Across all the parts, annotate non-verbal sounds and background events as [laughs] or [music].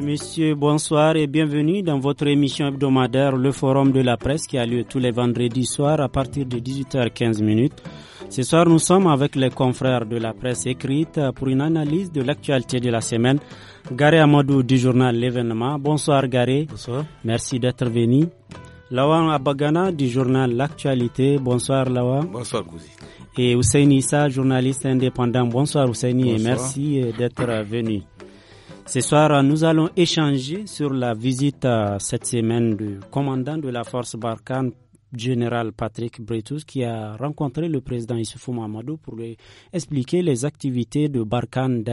Monsieur, bonsoir et bienvenue dans votre émission hebdomadaire Le Forum de la presse qui a lieu tous les vendredis soirs à partir de 18h15 Ce soir, nous sommes avec les confrères de la presse écrite pour une analyse de l'actualité de la semaine. Garé Amadou du journal L'événement. Bonsoir Garé. Bonsoir. Merci d'être venu. Lawan Abagana du journal L'actualité. Bonsoir Lawan. Bonsoir Gouzi. Et Hussein Issa, journaliste indépendant. Bonsoir Hussein et merci euh, d'être venu. Ce soir, nous allons échanger sur la visite euh, cette semaine du commandant de la force Barkhane, général Patrick Bretus, qui a rencontré le président Issoufou Mamadou pour lui expliquer les activités de Barkhane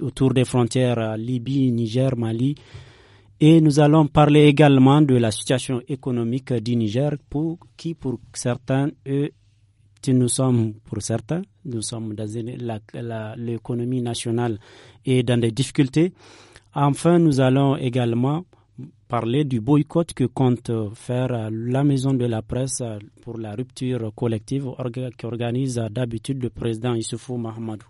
autour des frontières euh, Libye, Niger, Mali. Et nous allons parler également de la situation économique du Niger, pour, qui pour certains eux, nous sommes, pour certains, nous sommes dans l'économie nationale et dans des difficultés. Enfin, nous allons également parler du boycott que compte faire la maison de la presse pour la rupture collective qu'organise d'habitude le président Issoufou Mahamadou.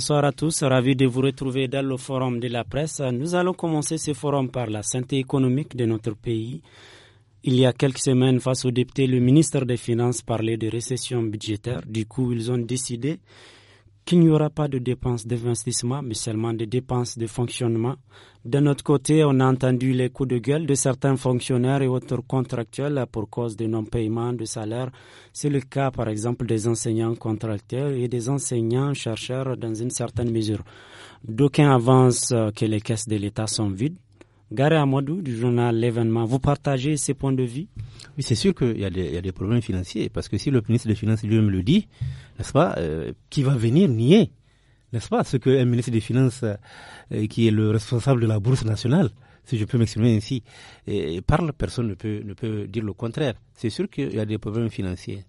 Bonsoir à tous, ravi de vous retrouver dans le forum de la presse. Nous allons commencer ce forum par la santé économique de notre pays. Il y a quelques semaines, face aux députés, le ministre des Finances parlait de récession budgétaire. Du coup, ils ont décidé qu'il n'y aura pas de dépenses d'investissement, mais seulement des dépenses de fonctionnement. D'un autre côté, on a entendu les coups de gueule de certains fonctionnaires et autres contractuels pour cause de non-paiement de salaire. C'est le cas, par exemple, des enseignants contractuels et des enseignants-chercheurs dans une certaine mesure. D'aucuns avancent euh, que les caisses de l'État sont vides à Amadou du journal L'événement, vous partagez ces points de vue Oui, c'est sûr qu'il y, y, a des problèmes financiers, parce que si le ministre des Finances lui-même le dit, n'est-ce pas, euh, qui va venir nier, n'est-ce pas, ce qu'un ministre des Finances euh, euh, qui est le responsable de la Bourse nationale, si je peux m'exprimer ainsi, parle, personne ne peut, ne peut dire le contraire. C'est sûr qu'il y a des problèmes financiers.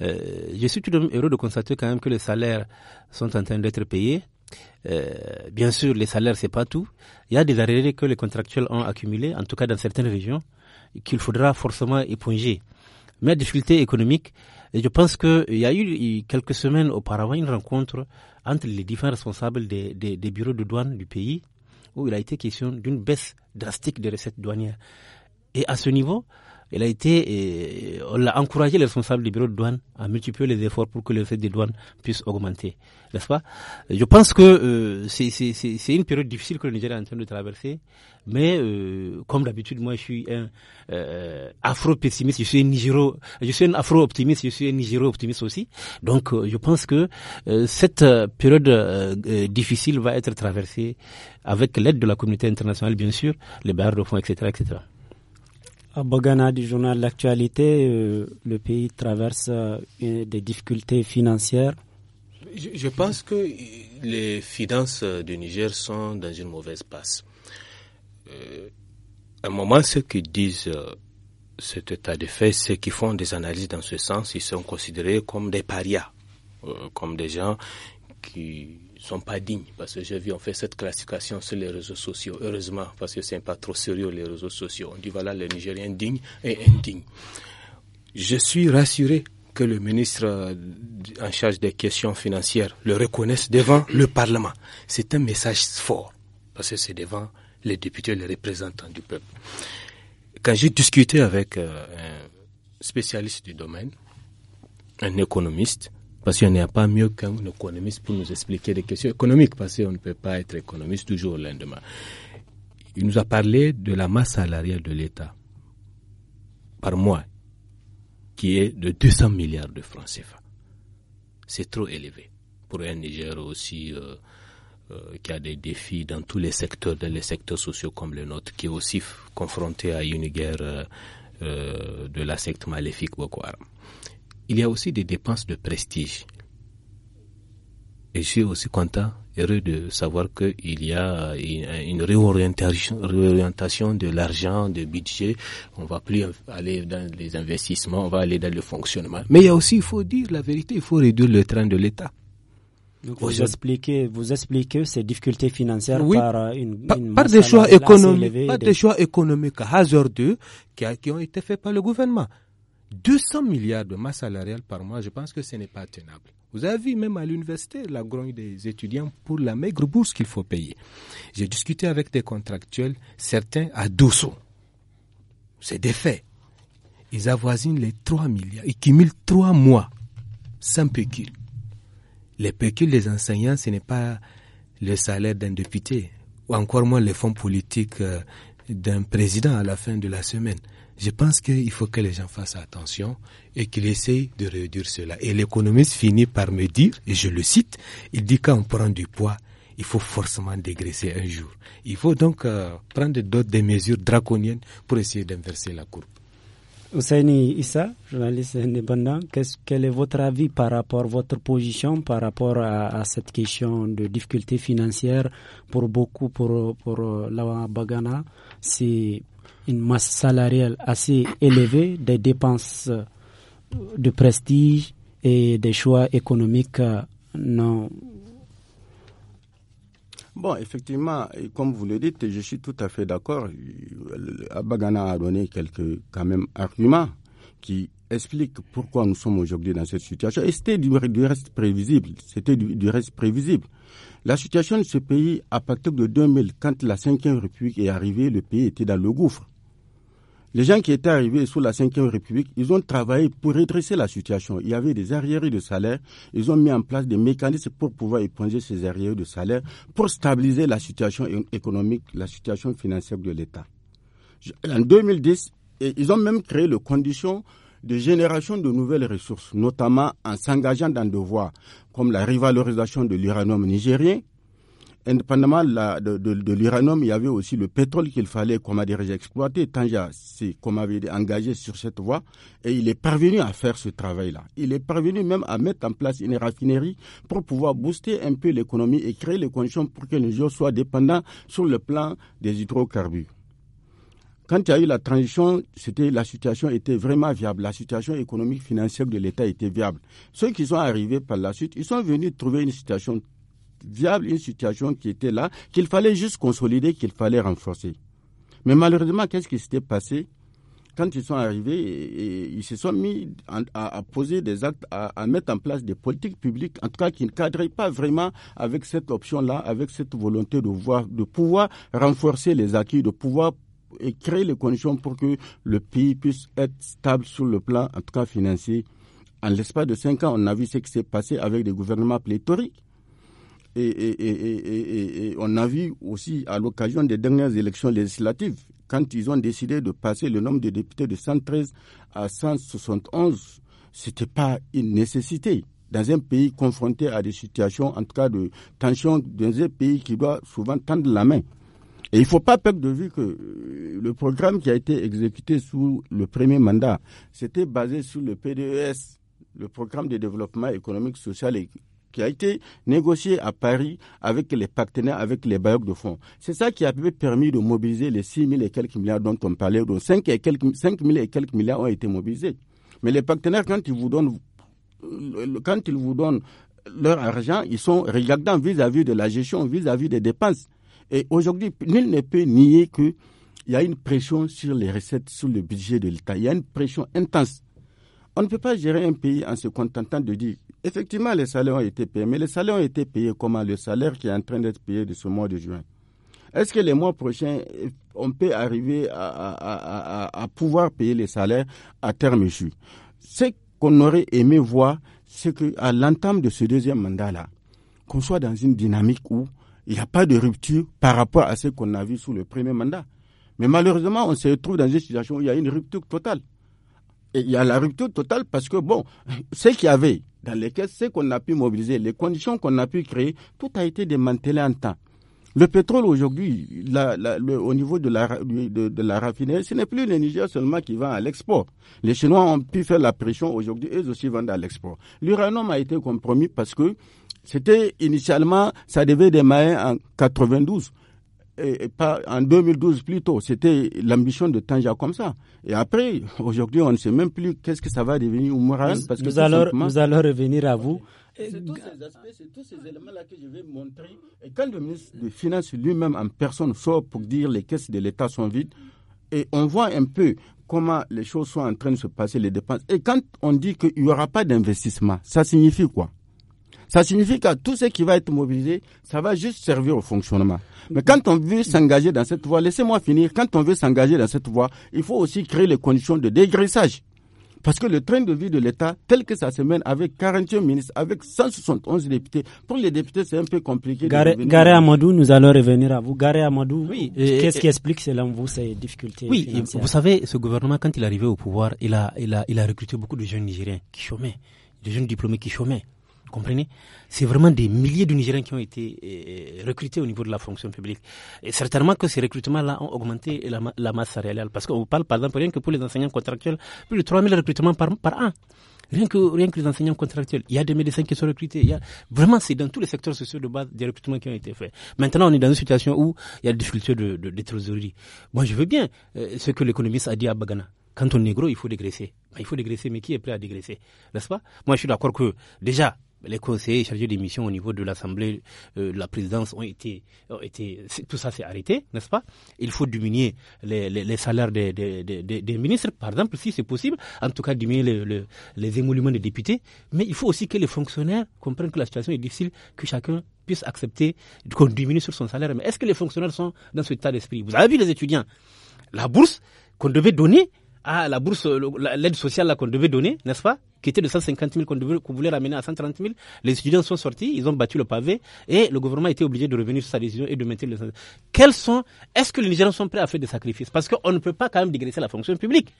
je suis tout de même heureux de constater quand même que les salaires sont en train d'être payés, euh, bien sûr, les salaires, c'est pas tout. Il y a des arrêts que les contractuels ont accumulés, en tout cas dans certaines régions, qu'il faudra forcément éponger. Mais la difficulté économique, je pense qu'il y a eu quelques semaines auparavant une rencontre entre les différents responsables des, des bureaux de douane du pays, où il a été question d'une baisse drastique des recettes douanières. Et à ce niveau, elle a été, euh, on a encouragé les responsables du bureau de douane à multiplier les efforts pour que les frais des douanes puissent augmenter, n'est-ce pas Je pense que euh, c'est une période difficile que le Niger est en train de traverser, mais euh, comme d'habitude, moi je suis un euh, afro-pessimiste, je suis un Nigéro, je suis un afro-optimiste, je suis un Nigéro-optimiste aussi. Donc je pense que cette période difficile va être traversée avec l'aide de la communauté internationale, bien sûr, les barres de fonds, etc., etc. À Bogana du journal L'actualité, euh, le pays traverse euh, des difficultés financières. Je, pense que les finances euh, du Niger sont dans une mauvaise passe. à un moment, ceux qui disent cet état de fait, ceux qui font des analyses dans ce sens, ils sont considérés comme des parias, comme des gens qui sont pas dignes parce que j'ai vu on fait cette classification sur les réseaux sociaux. Heureusement parce que ce n'est pas trop sérieux les réseaux sociaux. On dit voilà les Nigériens dignes et indigne. Je suis rassuré que le ministre euh, en charge des questions financières le reconnaisse devant le Parlement. C'est un message fort parce que c'est devant les députés, les représentants du peuple. Quand j'ai discuté avec euh, un spécialiste du domaine, un économiste, parce qu'il n'y a pas mieux qu'un économiste pour nous expliquer des questions économiques, parce qu'on ne peut pas être économiste toujours le lendemain. Il nous a parlé de la masse salariale de l'État par mois, qui est de 200 milliards de francs CFA. C'est trop élevé pour un Niger aussi euh, euh, qui a des défis dans tous les secteurs, dans les secteurs sociaux comme le nôtre, qui est aussi confronté à une guerre euh, de la secte maléfique Boko Haram il y a aussi des dépenses de prestige. Et je suis aussi content, heureux de savoir qu'il y a une réorientation, de l'argent, de budget. On va plus aller dans les investissements, on va aller dans le fonctionnement. Mais il y a aussi, il faut dire la vérité, il faut réduire le train de l'État. vous expliquez, vous expliquez ces difficultés financières par euh, une, par, des choix économiques, hasardeux qui ont été faits par le gouvernement. 200 milliards de masse salariale par mois, je pense que ce n'est pas tenable. Vous avez vu même à l'université la grogne des étudiants pour la maigre bourse qu'il faut payer. J'ai discuté avec des contractuels, certains à 200. C'est des faits. Ils avoisinent les 3 milliards. Ils cumulent 3 mois sans pécule. Les pécules des enseignants, ce n'est pas le salaire d'un député, ou encore moins les fonds politiques euh, d'un président à la fin de la semaine. Je pense qu'il faut que les gens fassent attention et qu'ils essayent de réduire cela. Et l'économiste finit par me dire, et je le cite, il dit quand on prend du poids, il faut forcément dégraisser un jour. Il faut donc euh, prendre d'autres des mesures draconiennes pour essayer d'inverser la courbe. Ousseini Issa, journaliste indépendant, quel est votre avis par rapport, à votre position par rapport à, cette question de difficultés financières pour beaucoup, pour, pour, euh, Lawa Bagana une masse salariale assez élevée, des dépenses euh, de prestige et des choix économiques euh, non. Bon, effectivement, comme vous le dites, je suis tout à fait d'accord. Euh, Abagana a donné quelques quand même arguments qui expliquent pourquoi nous sommes aujourd'hui dans cette situation. Et c'était du, reste prévisible. C'était du, reste prévisible. La situation de ce pays, à partir de 2000, quand la 5e République est arrivée, le pays était dans le gouffre. Les gens qui étaient arrivés sous la cinquième République, ils ont travaillé pour redresser la situation. Il y avait des arriérés de salaire. Ils ont mis en place des mécanismes pour pouvoir éponger ces arriérés de salaire, pour stabiliser la situation économique, la situation financière de l'État. En 2010, ils ont même créé les conditions de génération de nouvelles ressources, notamment en s'engageant dans des voies comme la rivalorisation de l'uranium nigérien, indépendamment de, de, l'uranium, il y avait aussi le pétrole qu'il fallait, comment dire, exploiter. Tanja c'est comme avait engagé sur cette voie et il est parvenu à faire ce travail-là. Il est parvenu même à mettre en place une raffinerie pour pouvoir booster un peu l'économie et créer les conditions pour que les gens soient dépendants sur le plan des hydrocarbures quand il y a eu la transition, c'était la situation était vraiment viable. La situation économique financière de l'État était viable. Ceux qui sont arrivés par la suite, ils sont venus trouver une situation viable, une situation qui était là, qu'il fallait juste consolider, qu'il fallait renforcer. Mais malheureusement, qu'est-ce qui s'était passé quand ils sont arrivés, ils se sont mis à, poser des actes, à, mettre en place des politiques publiques, en tout cas qui ne cadraient pas vraiment avec cette option-là, avec cette volonté de, pouvoir renforcer les acquis, de pouvoir créer les conditions pour que le pays puisse être stable sur le plan, en tout cas financier. En l'espace de cinq ans, on a vu ce qui s'est passé avec des gouvernements pléthoriques et, on a vu aussi à l'occasion des dernières élections législatives, quand ils ont décidé de passer le nombre de députés de 113 à 171, ce n'était pas une nécessité dans un pays confronté à des situations, en tout cas de tension, dans un pays qui doit souvent tendre la main. Et il ne faut pas perdre de vue que euh, le programme qui a été exécuté sous le premier mandat, c'était basé sur le PDES, le programme de développement économique, social et qui a été négocié à Paris avec les partenaires, avec les bailleurs de fonds. C'est ça qui a permis de mobiliser les 6 000 et quelques milliards dont on parlait, dont 5, et quelques, 000 et quelques milliards ont été mobilisés. Mais les partenaires, quand ils vous donnent, quand ils vous donnent leur argent, ils sont regardants vis-à-vis de la gestion, vis à -vis des dépenses. Et aujourd'hui, nul ne peut nier qu'il y a une pression sur les recettes, sur le budget de l'État. Il y a une pression intense. On ne peut pas gérer un pays en se contentant de dire effectivement les salaires ont été payés, mais les salaires ont été payés comment Le salaire qui est en train d'être payé de ce mois de juin. Est-ce que les mois prochains, on peut arriver à, pouvoir payer les salaires à terme échu Ce qu'on aurait aimé voir, c'est qu'à l'entame de ce deuxième mandat-là, qu'on soit dans une dynamique où il n'y a pas de rupture par rapport à ce qu'on a vu sous le premier mandat. Mais malheureusement, on se retrouve dans une situation où il y a une rupture totale il y a la rupture totale parce que, bon, ce qu'il y avait dans les caisses, ce qu'on a pu mobiliser, les conditions qu'on a pu créer, tout a été démantelé en temps. Le pétrole aujourd'hui, au niveau de la, de, la raffinerie, ce n'est plus le Niger seulement qui vend à l'export. Les Chinois ont pu faire la pression aujourd'hui, eux aussi vendent à l'export. L'uranium a été compromis parce que c'était initialement, ça devait démarrer en 92 et pas en 2012 plutôt. C'était l'ambition de Tanja comme ça. Et après, aujourd'hui, on ne sait même plus qu'est-ce que ça va devenir au moral. nous, allons revenir à vous. C'est tous ces aspects, c'est tous ces éléments-là que je vais montrer. Et quand le ministre des Finances lui-même en personne sort pour dire les caisses de l'État sont vides, et on voit un peu comment les choses sont en train de se passer, les dépenses. Et quand on dit qu'il n'y aura pas d'investissement, ça signifie quoi ça signifie que tout ce qui va être mobilisé, ça va juste servir au fonctionnement. Mais quand on veut s'engager dans cette voie, laissez-moi finir, quand on veut s'engager dans cette voie, il faut aussi créer les conditions de dégraissage. Parce que le train de vie de l'État, tel que ça se mène avec 41 ministres, avec 171 députés, pour les députés, c'est un peu compliqué. Garé, Amadou, nous allons revenir à vous. Garé Amadou, oui, qu'est-ce qui explique selon vous ces difficultés Oui, vous savez, ce gouvernement, quand il est arrivé au pouvoir, il a, il a, il a recruté beaucoup de jeunes Nigériens qui chômaient, de jeunes diplômés qui chômaient comprenez C'est vraiment des milliers de Nigériens qui ont été euh, euh, recrutés au niveau de la fonction publique. Et certainement que ces recrutements-là ont augmenté la, masse salariale. Parce qu'on parle, par exemple, rien que pour les enseignants contractuels, plus de 3000 recrutements par, par an. Rien que, les enseignants contractuels. Il y a des médecins qui sont recrutés. Il a, vraiment, c'est dans tous les secteurs sociaux de base des recrutements qui ont été faits. Maintenant, on est dans une situation où il y a des difficultés de, trésorerie. Moi, je veux bien euh, ce que l'économiste a dit à Bagana quand on est gros, il faut dégraisser. Ben, il faut dégraisser, mais qui est prêt à dégraisser N'est-ce pas Moi, je suis d'accord que déjà, les conseillers chargés des missions au niveau de l'Assemblée, euh, la présidence ont été, ont été tout ça s'est arrêté, n'est-ce pas Il faut diminuer les, salaires des, des, ministres, par exemple, si c'est possible, en tout cas diminuer les, les, les émoluments des députés, mais il faut aussi que les fonctionnaires comprennent que la situation est difficile, que chacun puisse accepter qu'on diminue sur son salaire. Mais est-ce que les fonctionnaires sont dans ce état d'esprit Vous avez vu les étudiants, la bourse qu'on devait donner, ah, la bourse, l'aide sociale qu'on devait donner, n'est-ce pas qui était de 150 000 qu'on voulait ramener à 130 000. Les étudiants sont sortis, ils ont battu le pavé et le gouvernement était obligé de revenir sur sa décision et de maintenir les... Quels sont, est-ce que les Nigériens sont prêts à faire des sacrifices Parce qu'on ne peut pas quand même dégraisser la fonction publique.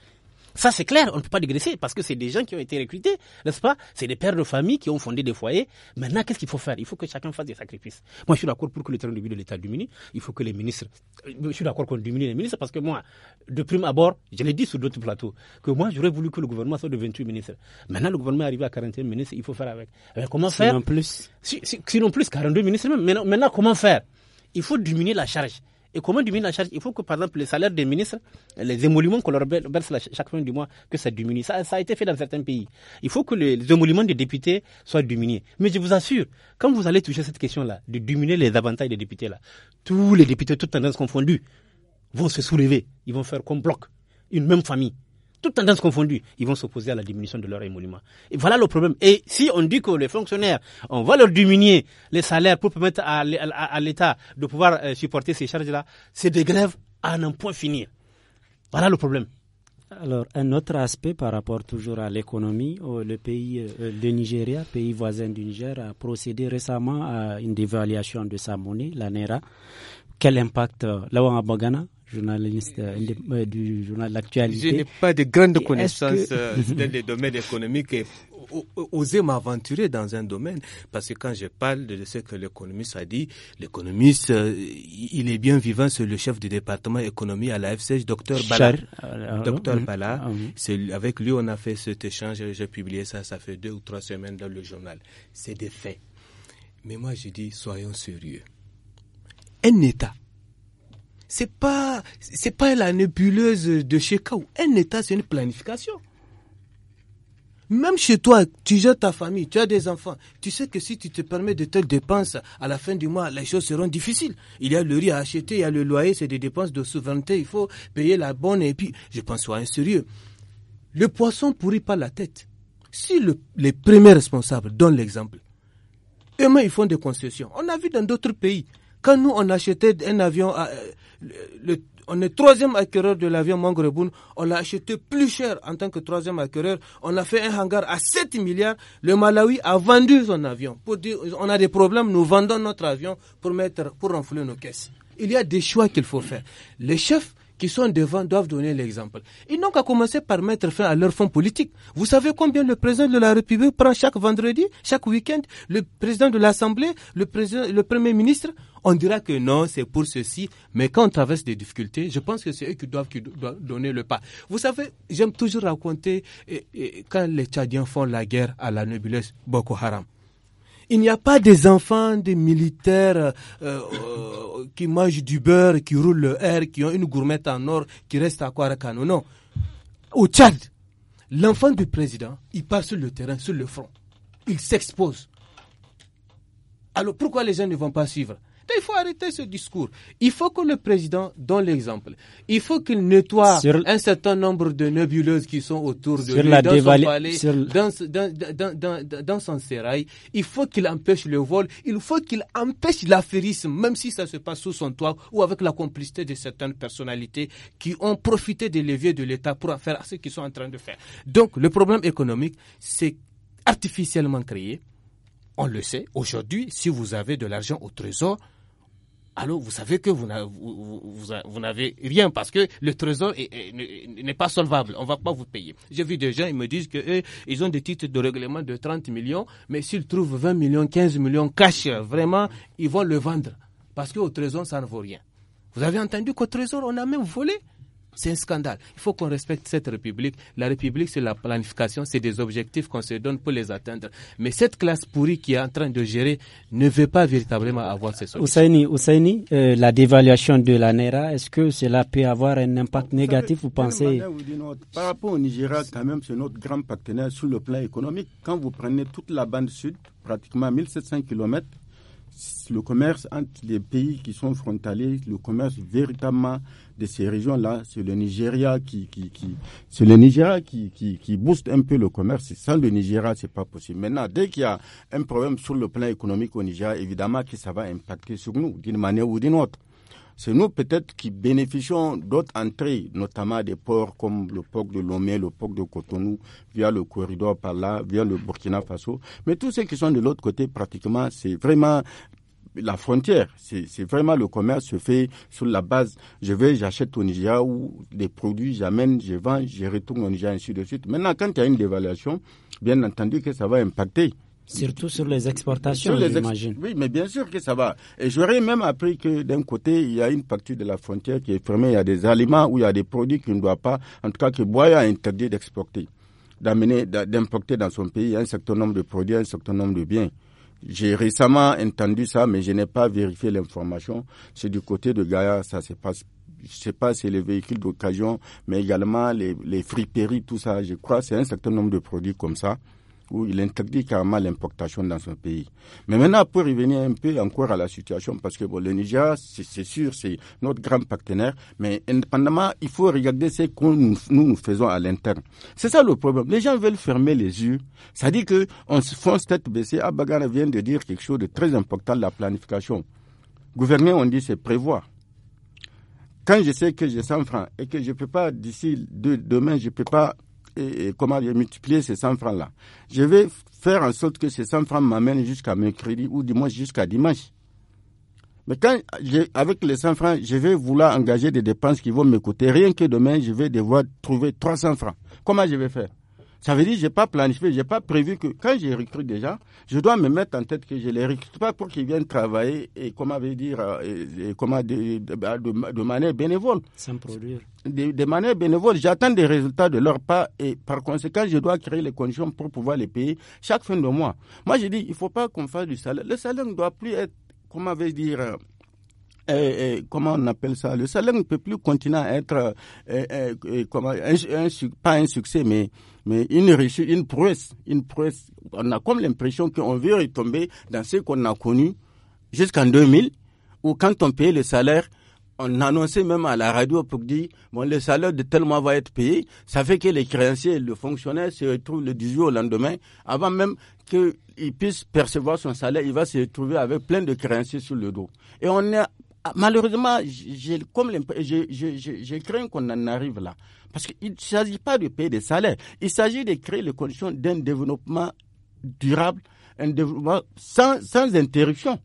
Ça, c'est clair, on ne peut pas dégraisser parce que c'est des gens qui ont été recrutés, n'est-ce pas C'est des pères de famille qui ont fondé des foyers. Maintenant, qu'est-ce qu'il faut faire Il faut que chacun fasse des sacrifices. Moi, je suis d'accord pour que le terrain de vie de l'État diminue. Il faut que les ministres. Euh, je suis d'accord qu'on diminue les ministres parce que moi, de prime abord, je l'ai dit sur d'autres plateaux, que moi, j'aurais voulu que le gouvernement soit de 28 ministres. Maintenant, le gouvernement est arrivé à 41 ministres, il faut faire avec. comment faire Sinon plus. Sinon plus, 42 ministres même. maintenant comment faire Il faut diminuer la charge. Et comment diminuer la charge Il faut que, par exemple, les salaires des ministres, les émoluments qu'on leur verse chaque fin du mois, que ça diminue. Ça, a été fait dans certains pays. Il faut que les émoluments des députés soient diminués. Mais je vous assure, quand vous allez toucher cette question-là, de diminuer les avantages des députés-là, tous les députés, toutes tendances confondues, vont se soulever. Ils vont faire comme bloc, une même famille toutes tendances confondues, ils vont s'opposer à la diminution de leur émolument. Et voilà le problème. Et si on dit que les fonctionnaires, on va leur diminuer les salaires pour permettre à, l'État de pouvoir euh, supporter ces charges-là, c'est des grèves à un point fini. Voilà le problème. Alors, un autre aspect par rapport toujours à l'économie, oh, le pays, de euh, Nigeria, pays voisin du Niger, a procédé récemment à une dévaluation de sa monnaie, la Naira. Quel impact, euh, là où en Bagana, journaliste euh, euh, du journal L'Actualité. Je n'ai pas de grandes connaissances euh, dans les domaines économiques et oser m'aventurer dans un domaine parce que quand je parle de ce que l'économiste a dit, l'économiste, il est bien vivant, c'est le chef du département économie à la FCH, docteur Bala. Ah docteur Bala, ah avec lui on a fait cet échange, j'ai publié ça, ça fait deux ou trois semaines dans le journal. C'est des faits. Mais moi je dis, soyons sérieux. Un État c'est pas, c'est pas la nébuleuse de chez ou Un État, c'est une planification. Même chez toi, tu as ta famille, tu as des enfants. Tu sais que si tu te permets de telles dépenses, à la fin du mois, les choses seront difficiles. Il y a le riz à acheter, il y a le loyer, c'est des dépenses de souveraineté. Il faut payer la bonne et puis, je pense, soit un sérieux. Le poisson pourrit pas la tête. Si le, les premiers responsables donnent l'exemple, eux-mêmes, ils font des concessions. On a vu dans d'autres pays. Quand nous, on achetait un avion à, euh, on est troisième acquéreur de l'avion Mangreboun. On l'a acheté plus cher en tant que troisième acquéreur. On a fait un hangar à 7 milliards. Le Malawi a vendu son avion. Pour on a des problèmes, nous vendons notre avion pour mettre, pour renflouer nos caisses. Il y a des choix qu'il faut faire. Les chefs qui sont devant doivent donner l'exemple. Ils n'ont qu'à commencer par mettre fin à leur fonds politique. Vous savez combien le président de la République prend chaque vendredi, chaque week-end, le président de l'Assemblée, le, Premier ministre On dira que non, c'est pour ceci, mais quand on traverse des difficultés, je pense que c'est eux qui doivent, donner le pas. Vous savez, j'aime toujours raconter quand les Tchadiens font la guerre à la nébuleuse Boko Haram il n'y a pas des enfants, des militaires euh, euh, qui mangent du beurre, qui roulent le air, qui ont une gourmette en or, qui restent à Kwarakano. Non. Au Tchad, l'enfant du président, il part sur le terrain, sur le front. Il s'expose. Alors pourquoi les gens ne vont pas suivre il faut arrêter ce discours. Il faut que le président donne l'exemple. Il faut qu'il nettoie un certain nombre de nébuleuses qui sont autour de lui, dans son palais, dans, son sérail. Il faut qu'il empêche le vol. Il faut qu'il empêche l'affairisme, même si ça se passe sous son toit ou avec la complicité de certaines personnalités qui ont profité des leviers de l'État pour faire ce qu'ils sont en train de faire. Donc, le problème économique, s'est artificiellement créé. On le sait, aujourd'hui, si vous avez de l'argent au trésor, alors vous savez que vous n'avez rien parce que le trésor n'est pas solvable. On ne va pas vous payer. J'ai vu des gens, ils me disent que ils ont des titres de règlement de 30 millions, mais s'ils trouvent 20 millions, 15 millions cash, vraiment, ils vont le vendre. Parce qu'au trésor, ça ne vaut rien. Vous avez entendu qu'au trésor, on a même volé c'est un scandale. Il faut qu'on respecte cette République. La République, c'est la planification, c'est des objectifs qu'on se donne pour les atteindre. Mais cette classe pourrie qui est en train de gérer ne veut pas véritablement avoir ces solutions. Oussaini, euh, la dévaluation de la Naira, est-ce que cela peut avoir un impact négatif, vous pensez Par rapport au Nigeria, quand même, c'est notre grand partenaire sur le plan économique. Quand vous prenez toute la bande sud, pratiquement 1700 kilomètres, le commerce entre les pays qui sont frontaliers, le commerce véritablement de ces régions-là, c'est le Nigeria qui, qui, c'est le Nigeria qui, qui, booste un peu le commerce. Sans le Nigeria, c'est pas possible. Maintenant, dès qu'il y a un problème sur le plan économique au Nigeria, évidemment que ça va impacter sur nous, d'une manière ou d'une autre. C'est nous peut-être qui bénéficions d'autres entrées, notamment des ports comme le port de Lomé, le port de Cotonou, via le corridor par là, via le Burkina Faso. Mais tous ceux qui sont de l'autre côté, pratiquement, c'est vraiment la frontière. C'est vraiment le commerce se fait sur la base. Je vais, j'achète au Nigeria ou des produits, j'amène, je vends, je retourne au Nigeria, ainsi de suite. Maintenant, quand il y a une dévaluation, bien entendu que ça va impacter. Surtout sur les exportations, j'imagine. oui, mais bien sûr que ça va. Et j'aurais même appris que d'un côté, il y a une partie de la frontière qui est fermée. Il y a des aliments ou il y a des produits qu'on ne doit pas, en tout cas que Boya a interdit d'exporter, d'amener, d'importer dans son pays un certain nombre de produits, un certain nombre de biens. J'ai récemment entendu ça, mais je n'ai pas vérifié l'information. C'est du côté de Gaia, ça se passe je sais pas, si c'est les véhicules d'occasion, mais également les, les friperies, tout ça. Je crois c'est un certain nombre de produits comme ça où il interdit carrément l'importation dans son pays. Mais maintenant, pour revenir un peu encore à la situation, parce que le Niger, c'est sûr, c'est notre grand partenaire, mais indépendamment, il faut regarder ce que nous, faisons à l'interne. C'est ça le problème. Les gens veulent fermer les yeux. Ça dit que on se fonce tête baissée. Abagana ah, vient de dire quelque chose de très important, la planification. Gouverner, on dit, c'est prévoir quand je sais que j'ai 100 francs et que je ne peux pas, d'ici demain, je ne peux pas et comment vais multiplier ces 100 francs-là. Je vais faire en sorte que ces 100 francs m'amènent jusqu'à mercredi ou du moins jusqu'à dimanche. Mais quand avec les 100 francs, je vais vouloir engager des dépenses qui vont me coûter rien que demain, je vais devoir trouver 300 francs. Comment je vais faire ça veut dire que je n'ai pas planifié, je n'ai pas prévu que quand je recrute des gens, je dois me mettre en tête que je ne les recrute pas pour qu'ils viennent travailler et, comment dire, euh, comment bah, de, de, manière bénévole. Sans produire. De, manière bénévole, j'attends des résultats de leur part et par conséquent, je dois créer les conditions pour pouvoir les payer chaque fin de mois. Moi, je dis, il ne faut pas qu'on fasse du salaire. Le salaire ne doit plus être, comment dire, euh, comment on appelle ça Le salaire ne peut plus continuer à être euh, euh, euh, comment, un, pas un succès, mais mais une réussite, une prouesse, une prouesse. On a comme l'impression qu'on veut retomber dans ce qu'on a connu jusqu'en 2000, où quand on payait le salaire, on annonçait même à la radio pour dire bon le salaire de tel mois va être payé. Ça fait que les créanciers, le fonctionnaire se retrouvent le 18 au lendemain, avant même qu'il puisse percevoir son salaire, il va se retrouver avec plein de créanciers sur le dos. Et on est ah, malheureusement, comme je, crains qu'on en arrive là. Parce qu'il ne s'agit pas de payer des salaires. Il s'agit de créer les conditions d'un développement durable, un développement sans, interruption.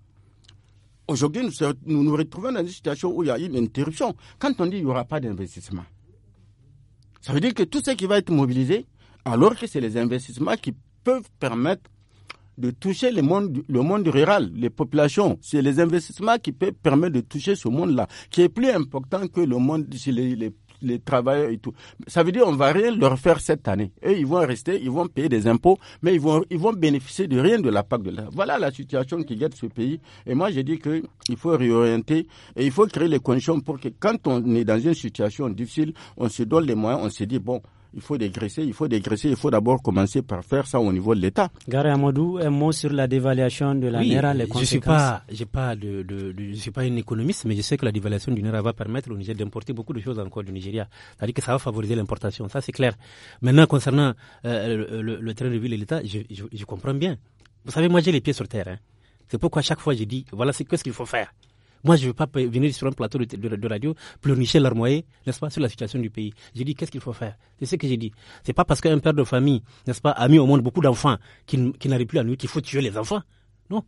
Aujourd'hui, nous, nous retrouvons dans une situation où il y a une interruption. Quand on dit qu'il n'y aura pas d'investissement, ça veut dire que tout ce qui va être mobilisé, alors que c'est les investissements qui peuvent permettre de toucher le monde, le monde rural, les populations. C'est les investissements qui peuvent permettre de toucher ce monde-là, qui est plus important que le monde chez les, les travailleurs et tout. Ça veut dire on va rien leur faire cette année. Et ils vont rester, ils vont payer des impôts, mais ils vont, ils vont bénéficier de rien de la PAC de Voilà la situation qui guette ce pays. Et moi, j'ai dit qu'il faut réorienter et il faut créer les conditions pour que quand on est dans une situation difficile, on se donne les moyens, on se dit, bon, il faut dégraisser, il faut dégraisser, il faut d'abord commencer par faire ça au niveau de l'État. Gare Amadou, un mot sur la dévaluation de la Nera, les conséquences. Je suis pas de, suis pas un économiste, mais je sais que la dévaluation du Nera va permettre au Niger d'importer beaucoup de choses encore du Nigeria. C'est-à-dire que ça va favoriser l'importation, ça c'est clair. Maintenant, concernant euh, le, train de ville et l'État, je, comprends bien. Vous savez, moi j'ai les pieds sur terre. Hein. C'est pourquoi chaque fois je dis, voilà c'est qu'est-ce qu'il faut faire. Moi, je ne veux pas venir sur un plateau de, de, radio pleurnicher l'armoyer, n'est-ce pas, sur la situation du pays. J'ai dit, qu'est-ce qu'il faut faire C'est ce que j'ai dit. Ce n'est pas parce qu'un père de famille, n'est-ce pas, a mis au monde beaucoup d'enfants qui n'arrivent n'arrive plus à nous qu'il faut tuer les enfants. Non,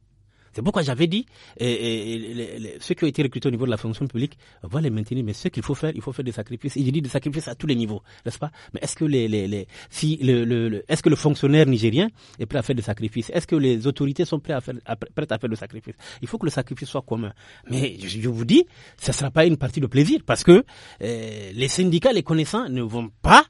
c'est pourquoi j'avais dit, ceux qui ont été recrutés au niveau de la fonction publique vont les maintenir, mais ce qu'il faut faire, il faut faire des sacrifices. Et je dis des sacrifices à tous les niveaux, n'est-ce pas Mais est-ce que les, les si le, le, est-ce que le fonctionnaire nigérien est prêt à faire des sacrifices Est-ce que les autorités sont prêtes à faire, à, prêtes à faire le sacrifice Il faut que le sacrifice soit commun. Mais je, vous dis, ce ne sera pas une partie de plaisir parce que euh, les syndicats, les connaissants ne vont pas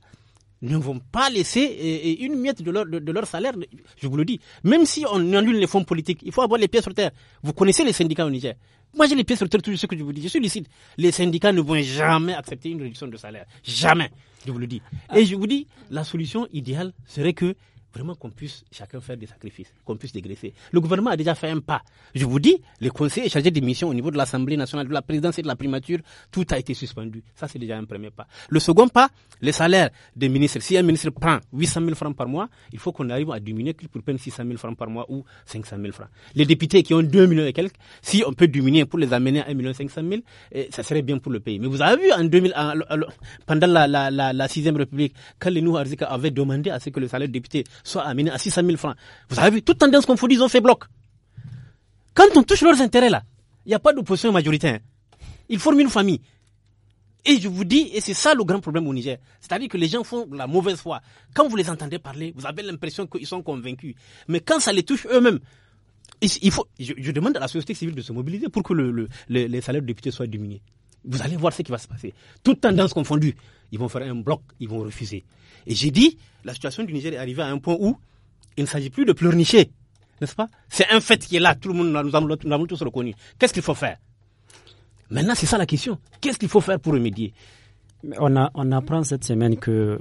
ne vont pas laisser euh, euh, une miette de leur, de, leur salaire, je vous le dis. Même si on annule les fonds politiques, il faut avoir les pieds sur terre. Vous connaissez les syndicats au Niger. Moi, j'ai les pieds sur terre, tout ce que je vous dis. Je suis lucide. Les syndicats ne vont jamais accepter une réduction de salaire. Jamais. Je vous le dis. Et ah. je vous dis, la solution idéale serait que vraiment qu'on puisse chacun faire des sacrifices, qu'on puisse dégraisser. Le gouvernement a déjà fait un pas. Je vous dis, les conseillers chargés des missions au niveau de l'Assemblée nationale, de la présidence et de la primature, tout a été suspendu. Ça, c'est déjà un premier pas. Le second pas, les salaires des ministres. Si un ministre prend 800 000 francs par mois, il faut qu'on arrive à diminuer pour peine 600 000 francs par mois ou 500 000 francs. Les députés qui ont 2 millions et quelques, si on peut diminuer pour les amener à 1 500 000, ça serait bien pour le pays. Mais vous avez vu en 2000, pendant la, la, 6e République, quand les Nouhars avaient demandé à ce que le salaire des députés soit amené à 600 000 francs. Vous avez vu, toute tendance confondue, ils ont fait bloc. Quand on touche leurs intérêts là, il n'y a pas d'opposition majoritaire. Hein. Ils forment une famille. Et je vous dis, et c'est ça le grand problème au Niger, c'est-à-dire que les gens font la mauvaise foi. Quand vous les entendez parler, vous avez l'impression qu'ils sont convaincus. Mais quand ça les touche eux-mêmes, il faut, je, demande à la société civile de se mobiliser pour que les salaires de députés soient diminués. Vous allez voir ce qui va se passer. Toute tendance confondue ils vont faire un bloc, ils vont refuser. Et j'ai dit, la situation du Niger est arrivée à un point où il ne s'agit plus de pleurnicher, n'est-ce pas C'est un fait qui est là, tout le monde, nous l'avons tous reconnu. Qu'est-ce qu'il faut faire Maintenant, c'est ça la question. Qu'est-ce qu'il faut faire pour remédier on, a, on, apprend cette semaine que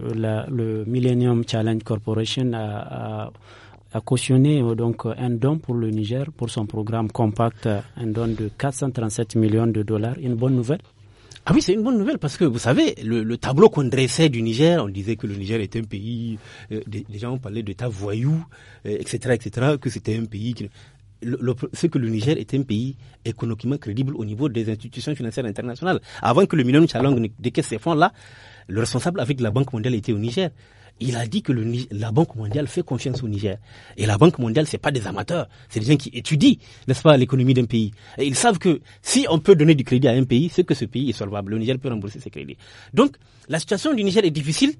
le Millennium Challenge Corporation a, cautionné euh, donc un don pour le Niger pour son programme compact, euh, un don de 437 millions de dollars. Une bonne nouvelle ah oui, c'est une bonne nouvelle parce que vous savez, le, tableau qu'on dressait du Niger, on disait que le Niger était un pays, euh, des, les gens parlaient d'État voyou, euh, etc., etc., que c'était un pays qui... Le, que le Niger est un pays économiquement crédible au niveau des institutions financières internationales. Avant que le de Challenge décaisse ces fonds-là, le responsable avec la Banque mondiale était au Niger il a dit que la Banque mondiale fait confiance au Niger. Et la Banque mondiale, n'est pas des amateurs, c'est des gens qui étudient, n'est-ce pas, l'économie d'un pays. Et ils savent que si on peut donner du crédit à un pays, c'est que ce pays est solvable. Le Niger peut rembourser ses crédits. Donc, la situation du Niger est difficile,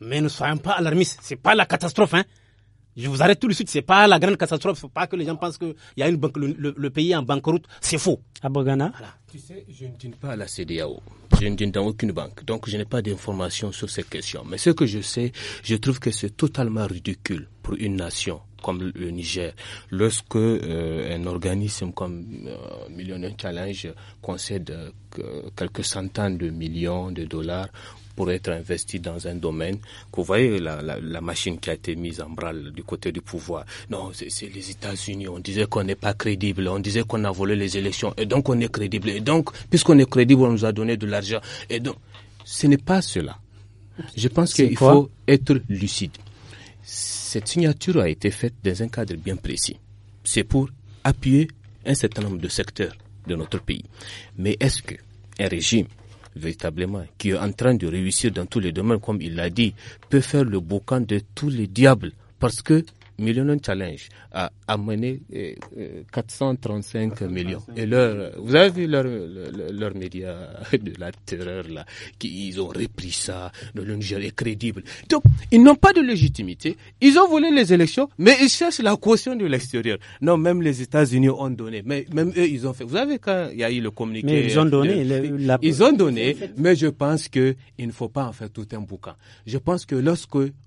mais ne soyons pas alarmistes. C'est pas la catastrophe, hein. Je vous arrête tout de suite, c'est pas la grande catastrophe, faut pas que les gens pensent que y une le, pays est en banqueroute, c'est faux. À Tu sais, je ne dîne pas à la CDAO, je ne dîne dans aucune banque, donc je n'ai pas d'informations sur ces questions. Mais ce que je sais, je trouve que c'est totalement ridicule pour une nation comme le Niger, lorsque euh, un organisme comme euh, Millionaire Challenge concède euh, quelques centaines de millions de dollars pour être investi dans un domaine vous voyez la, la machine qui a été mise en branle du côté du pouvoir. Non, c'est les États-Unis. On disait qu'on n'est pas crédible. On disait qu'on a volé les élections. Et donc on est crédible. Et donc, puisqu'on est crédible, on nous a donné de l'argent. Et donc, ce n'est pas cela. Je pense qu'il faut être lucide. Cette signature a été faite dans un cadre bien précis. C'est pour appuyer un certain nombre de secteurs de notre pays. Mais est-ce que un régime véritablement, qui est en train de réussir dans tous les domaines, comme il l'a dit, peut faire le boucan de tous les diables parce que Millennium Challenge à amener 435 millions. Et leur, vous avez vu leurs leur, leur médias de la terreur là, qui ils ont repris ça, le Niger est crédible. Donc, ils n'ont pas de légitimité. Ils ont volé les élections, mais ils cherchent la caution de l'extérieur. Non, même les États-Unis ont donné, mais même eux, ils ont fait. Vous avez quand il y a eu le communiqué. ils ont donné. Ils ont donné, mais je pense que il ne faut pas en faire tout un bouquin. Je pense que lorsque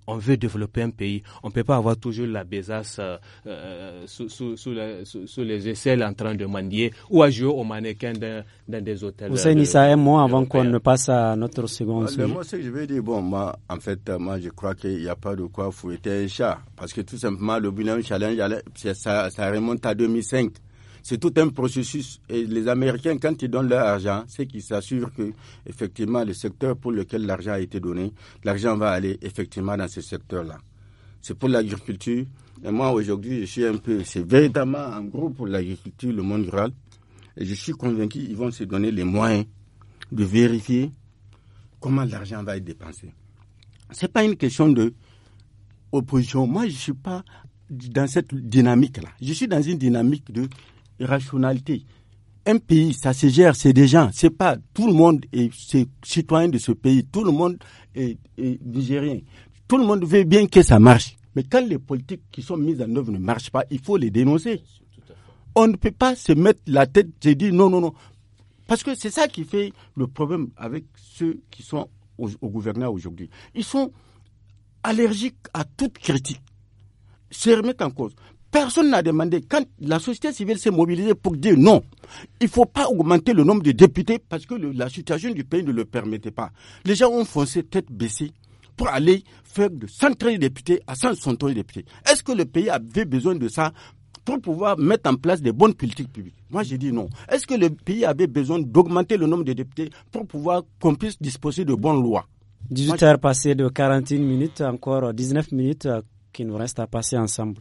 on veut développer un pays, on ne peut pas avoir toujours la la besace euh, euh, sous, les aisselles en train de mendier ou à jouer au mannequin dans, des hôtels. Vous savez, ça un mot avant qu'on ne passe à notre second Le ah, sujet. Moi, ce que je veux dire, bon, moi, en fait, moi, je crois qu'il n'y a pas de quoi fouetter un chat. Parce que tout simplement, le Binam Challenge, ça, ça remonte à 2005 c'est tout un processus. Et les Américains, quand ils donnent leur argent, c'est qu'ils s'assurent que, effectivement, le secteur pour lequel l'argent a été donné, l'argent va aller effectivement dans ce secteur-là c'est pour l'agriculture. Et moi, aujourd'hui, je suis un peu, c'est véritablement un groupe pour l'agriculture, le monde rural. Et je suis convaincu qu'ils vont se donner les moyens de vérifier comment l'argent va être dépensé. Ce pas une question de opposition. Moi, je ne suis pas dans cette dynamique-là. Je suis dans une dynamique de rationalité. Un pays, ça se gère, c'est des gens. C'est pas tout le monde est, citoyen de ce pays. Tout le monde est nigérien. Tout le monde veut bien que ça marche. Mais quand les politiques qui sont mises en œuvre ne marchent pas, il faut les dénoncer. On ne peut pas se mettre la tête, j'ai dit non, non, non. Parce que c'est ça qui fait le problème avec ceux qui sont au, gouverneur aujourd'hui. Ils sont allergiques à toute critique, se remettent en cause. Personne n'a demandé, quand la société civile s'est mobilisée pour dire non, il ne faut pas augmenter le nombre de députés parce que la situation du pays ne le permettait pas. Les gens ont foncé tête baissée pour aller faire de 130 députés à 160 députés. Est-ce que le pays avait besoin de ça pour pouvoir mettre en place des bonnes politiques publiques. Moi, j'ai dit non. Est-ce que le pays avait besoin d'augmenter le nombre de députés pour pouvoir qu'on puisse disposer de bonnes lois 18 heures passées de 41 minutes, encore 19 minutes euh, qui nous restent à passer ensemble.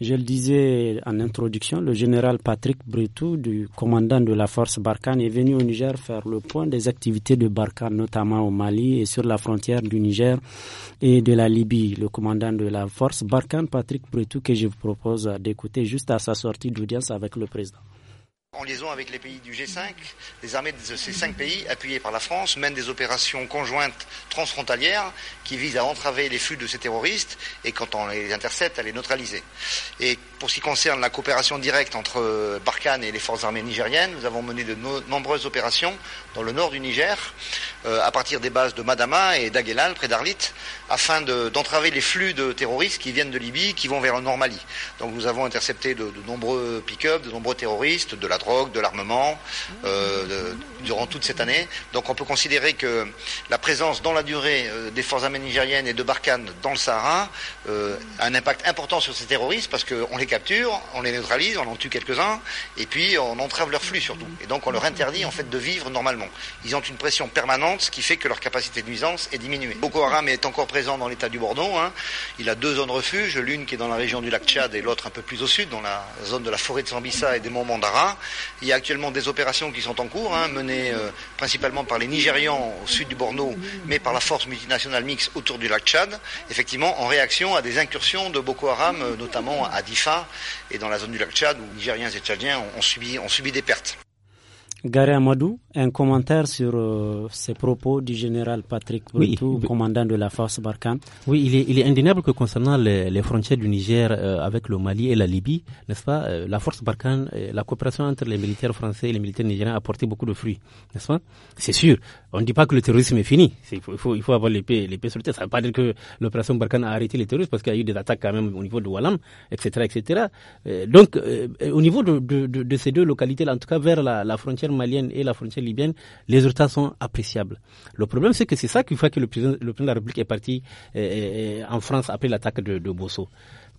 Je le disais en introduction, le général Patrick Bretou, du commandant de la force Barkhane, est venu au Niger faire le point des activités de Barkhane, notamment au Mali et sur la frontière du Niger et de la Libye. Le commandant de la force Barkhane, Patrick Bretou, que je vous propose d'écouter juste à sa sortie d'audience avec le président. En liaison avec les pays du G5, les armées de ces cinq pays, appuyées par la France, mènent des opérations conjointes transfrontalières qui visent à entraver les flux de ces terroristes et quand on les intercepte, à les neutraliser. Et pour ce qui concerne la coopération directe entre Barkhane et les forces armées nigériennes, nous avons mené de nombreuses opérations dans le nord du Niger, euh, à partir des bases de Madama et d'Aguelal, près d'Arlit, afin d'entraver les flux de terroristes qui viennent de Libye, qui vont vers le nord Mali. Donc nous avons intercepté de, nombreux pick-up, de nombreux terroristes, de la drogue, de l'armement, euh, durant toute cette année. Donc on peut considérer que la présence dans la durée euh, des forces armées nigériennes et de Barkhane dans le Sahara euh, un impact important sur ces terroristes parce qu'on les capture, on les neutralise, on en tue quelques-uns, et puis on entrave leur flux surtout. Et donc on leur interdit en fait de vivre normalement. Ils ont une pression permanente, ce qui fait que leur capacité de nuisance est diminuée. Boko Haram est encore présent dans l'état du Bordeaux. Hein. Il a deux zones refuge, l'une qui est dans la région du lac Tchad et l'autre un peu plus au sud, dans la zone de la forêt de Sambisa et des monts Mandara. Il y a actuellement des opérations qui sont en cours, hein, menées euh, principalement par les Nigérians au sud du Bordeaux, mais par la force multinationale mixte autour du lac Tchad, effectivement en réaction à des incursions de Boko Haram, euh, notamment à Difa et dans la zone du lac Tchad, où Nigériens et Tchadiens ont subi, ont subi des pertes. Garé Amadou, un commentaire sur ces euh, propos du général Patrick Boutou, commandant de la force Barkhane. Oui, il est, indéniable que concernant les, frontières du Niger euh, avec le Mali et la Libye, n'est-ce pas, la force Barkhane, la coopération entre les militaires français et les militaires nigériens a porté beaucoup de fruits, n'est-ce pas C'est sûr. On ne dit pas que le terrorisme est fini. il, faut, il, faut, avoir l'épée sur le Ça ne veut pas dire que l'opération Barkhane a arrêté les terroristes parce qu'il y a eu des attaques quand même au niveau de Wallam, etc. etc. Euh, donc, euh, au niveau de, de, de, ces deux localités-là, en tout cas vers la, frontière malienne et la frontière libyenne, les résultats sont appréciables. Le problème, c'est que c'est ça qui fait que le président, de la République est parti euh, en France après l'attaque de, de Bosso.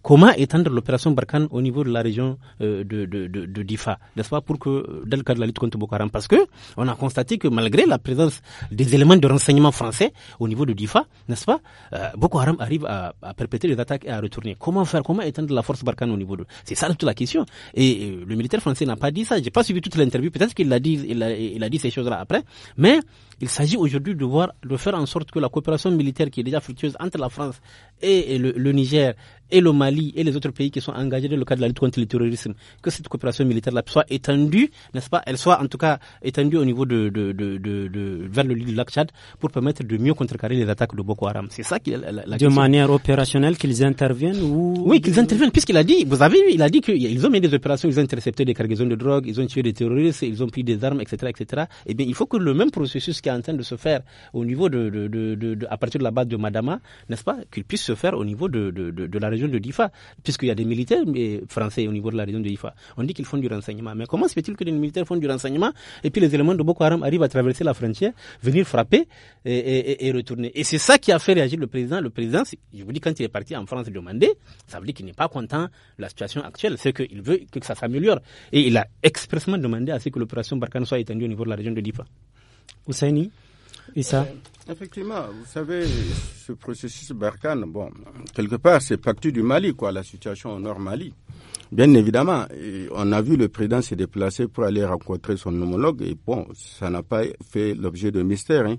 Comment étendre l'opération Barkhane au niveau de la région euh, de, de, de, de, Difa, n'est-ce pas, pour que, euh, dans le cadre de la lutte contre Boko Haram Parce que on a constaté que malgré la présence des éléments de renseignement français au niveau de Difa, n'est-ce pas, euh, Boko Haram arrive à, à perpétrer les attaques et à retourner. Comment faire Comment étendre la force Barkhane au niveau de... C'est ça toute la question. Et le militaire français n'a pas dit ça. J'ai pas suivi toute l'interview. Peut-être qu'il a dit, il a, il a dit ces choses-là après. Mais il s'agit aujourd'hui de voir, de faire en sorte que la coopération militaire qui est déjà fructueuse entre la France et le Niger et le Mali et les autres pays qui sont engagés dans le cadre de la lutte contre le terrorisme, que cette coopération militaire là soit étendue, n'est-ce pas Elle soit en tout cas étendue au niveau de, de, de, de vers le lit du lac Tchad pour permettre de mieux contrecarrer les attaques de Boko Haram. C'est ça qui est la, De manière opérationnelle qu'ils interviennent ou Oui, qu'ils interviennent puisqu'il a dit, vous avez vu, il a dit qu'ils ont mis des opérations, ils ont intercepté des cargaisons de drogue, ils ont tué des terroristes, ils ont pris des armes, etc., etc. Eh bien, il faut que le même processus qui est en train de se faire au niveau de, à partir de la base de Madama, n'est-ce pas, qu'il puisse se faire au niveau de, de la région région de Difa, puisqu'il y a des militaires français au niveau de la région de Difa. On dit qu'ils font du renseignement. Mais comment se fait-il que les militaires font du renseignement et puis les éléments de Boko Haram arrivent à traverser la frontière, venir frapper et, retourner Et c'est ça qui a fait réagir le président. Le président, je vous dis, quand il est parti en France demander, ça veut dire qu'il n'est pas content de la situation actuelle. C'est qu'il veut que ça s'améliore. Et il a expressement demandé à ce que l'opération Barkhane soit étendue au niveau de la région de Difa. Ousseini euh, effectivement, vous savez, ce processus Barkhane, bon, quelque part, c'est parti du Mali, quoi, la situation au nord Mali. Bien évidemment, on a vu le président se déplacer pour aller rencontrer son homologue, et bon, ça n'a pas fait l'objet de mystère. Hein.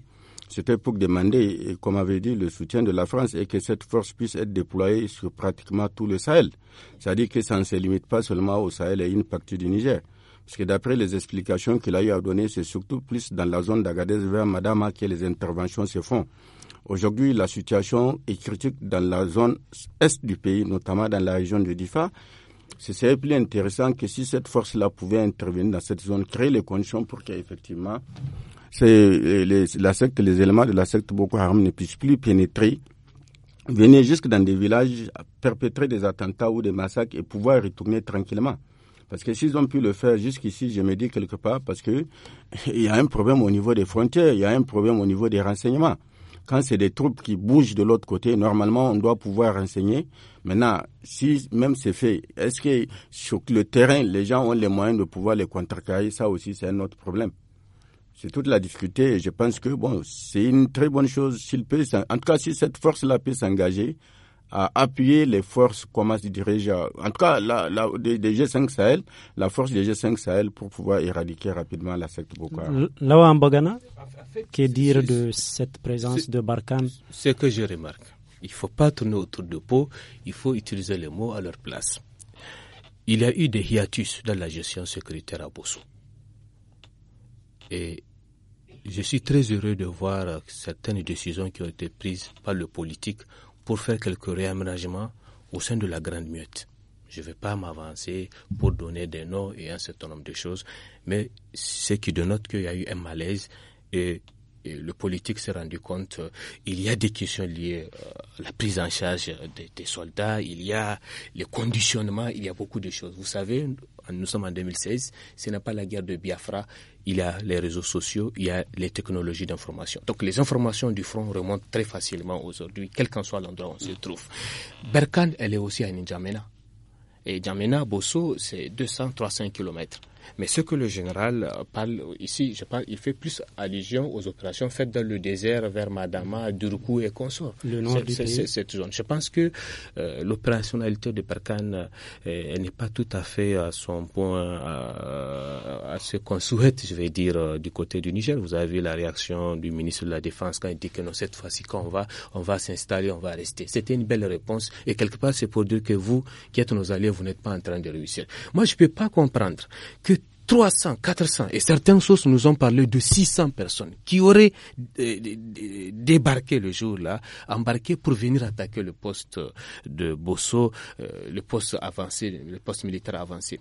C'était pour demander, comme avait dit, le soutien de la France et que cette force puisse être déployée sur pratiquement tout le Sahel. C'est-à-dire que ça ne se limite pas seulement au Sahel et une partie du Niger. Parce que d'après les explications qu'il a eu à donner, c'est surtout plus dans la zone d'Agadez vers Madama que les interventions se font. Aujourd'hui, la situation est critique dans la zone est du pays, notamment dans la région de Difa. Ce serait plus intéressant que si cette force-là pouvait intervenir dans cette zone, créer les conditions pour qu'effectivement les, la secte, les éléments de la secte Boko Haram ne puissent plus pénétrer, venir jusque dans des villages, perpétrer des attentats ou des massacres et pouvoir retourner tranquillement. Parce que s'ils ont pu le faire jusqu'ici, je me dis quelque part, parce que [laughs] il y a un problème au niveau des frontières, il y a un problème au niveau des renseignements. Quand c'est des troupes qui bougent de l'autre côté, normalement, on doit pouvoir renseigner. Maintenant, si même c'est fait, est-ce que sur le terrain, les gens ont les moyens de pouvoir les contrecarrer Ça aussi, c'est un autre problème. C'est toute la difficulté et je pense que bon, c'est une très bonne chose s'il peut, en tout cas si cette force-là peut s'engager à appuyer les forces, comment se dirige, en tout cas la, des, G5 Sahel, la force des G5 Sahel pour pouvoir éradiquer rapidement la secte Boko Haram. Lawa Mbogana, que dire de cette présence de Barkhane Ce que je remarque, il ne faut pas tourner autour de peau, il faut utiliser les mots à leur place. Il y a eu des hiatus dans la gestion sécuritaire à Bosso. Et je suis très heureux de voir certaines décisions qui ont été prises par le politique pour faire quelques réaménagements au sein de la grande muette. Je ne vais pas m'avancer pour donner des noms et un certain nombre de choses, mais ce qui dénote qu'il y a eu un malaise et, le politique s'est rendu compte, euh, il y a des questions liées euh, la prise en charge des, soldats, il y a le conditionnement, il y a beaucoup de choses. Vous savez, nous sommes en 2016, ce n'est pas la guerre de Biafra, il y a les réseaux sociaux, il y a les technologies d'information. Donc les informations du front remontent très facilement aujourd'hui, quel qu'en soit l'endroit où on se trouve. Berkane, elle est aussi à N'Djamena. Et N'Djamena, Bosso, c'est 200-300 kilomètres. Mais ce que le général euh, parle ici, je parle, il fait plus allusion aux opérations faites dans le désert vers Madama, Durkou et consorts. Le Cette zone. Je pense que euh, l'opérationnalité de Perkan euh, n'est pas tout à fait à son point, à, ce qu'on souhaite, je vais dire, du côté du Niger. Vous avez la réaction du ministre de la Défense quand il dit que non, cette fois-ci, quand on va, on va s'installer, on va rester. C'était une belle réponse. Et quelque part, c'est pour dire que vous, qui êtes nos alliés, vous n'êtes pas en train de réussir. Moi, je ne peux pas comprendre que 300, 400. Et certaines sources nous ont parlé de 600 personnes qui auraient euh, débarqué le jour-là, embarqué pour venir attaquer le poste de Bosso, euh, le poste avancé, le poste militaire avancé,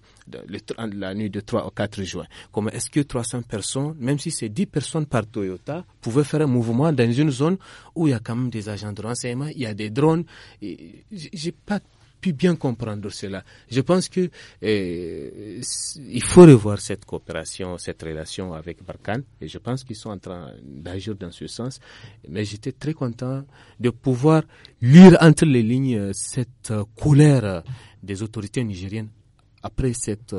la nuit de 3 au 4 juin. Comment est-ce que 300 personnes, même si c'est 10 personnes par Toyota, pouvaient faire un mouvement dans une zone où il y a quand même des agents de renseignement, il y a des drones. J'ai pas pu bien comprendre cela. Je pense que euh, il faut revoir cette coopération, cette relation avec Barkhane, et je pense qu'ils sont en train d'agir dans ce sens. Mais j'étais très content de pouvoir lire entre les lignes euh, cette euh, colère des autorités nigériennes après cette,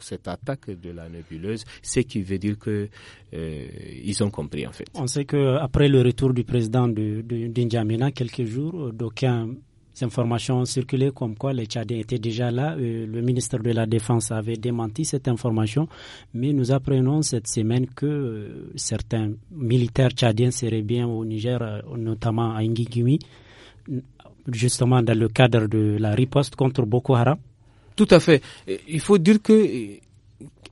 cette attaque de la nébuleuse, ce qui veut dire que ils ont compris en fait. On sait que après le retour du président de, de quelques jours, d'aucuns informations circulaient comme quoi les Tchadiens étaient déjà là. Euh, le ministre de la Défense avait démenti cette information, mais nous apprenons cette semaine que euh, certains militaires tchadiens seraient bien au Niger, euh, notamment à Ngigimi, justement dans le cadre de la riposte contre Boko Haram. Tout à fait. Il faut dire que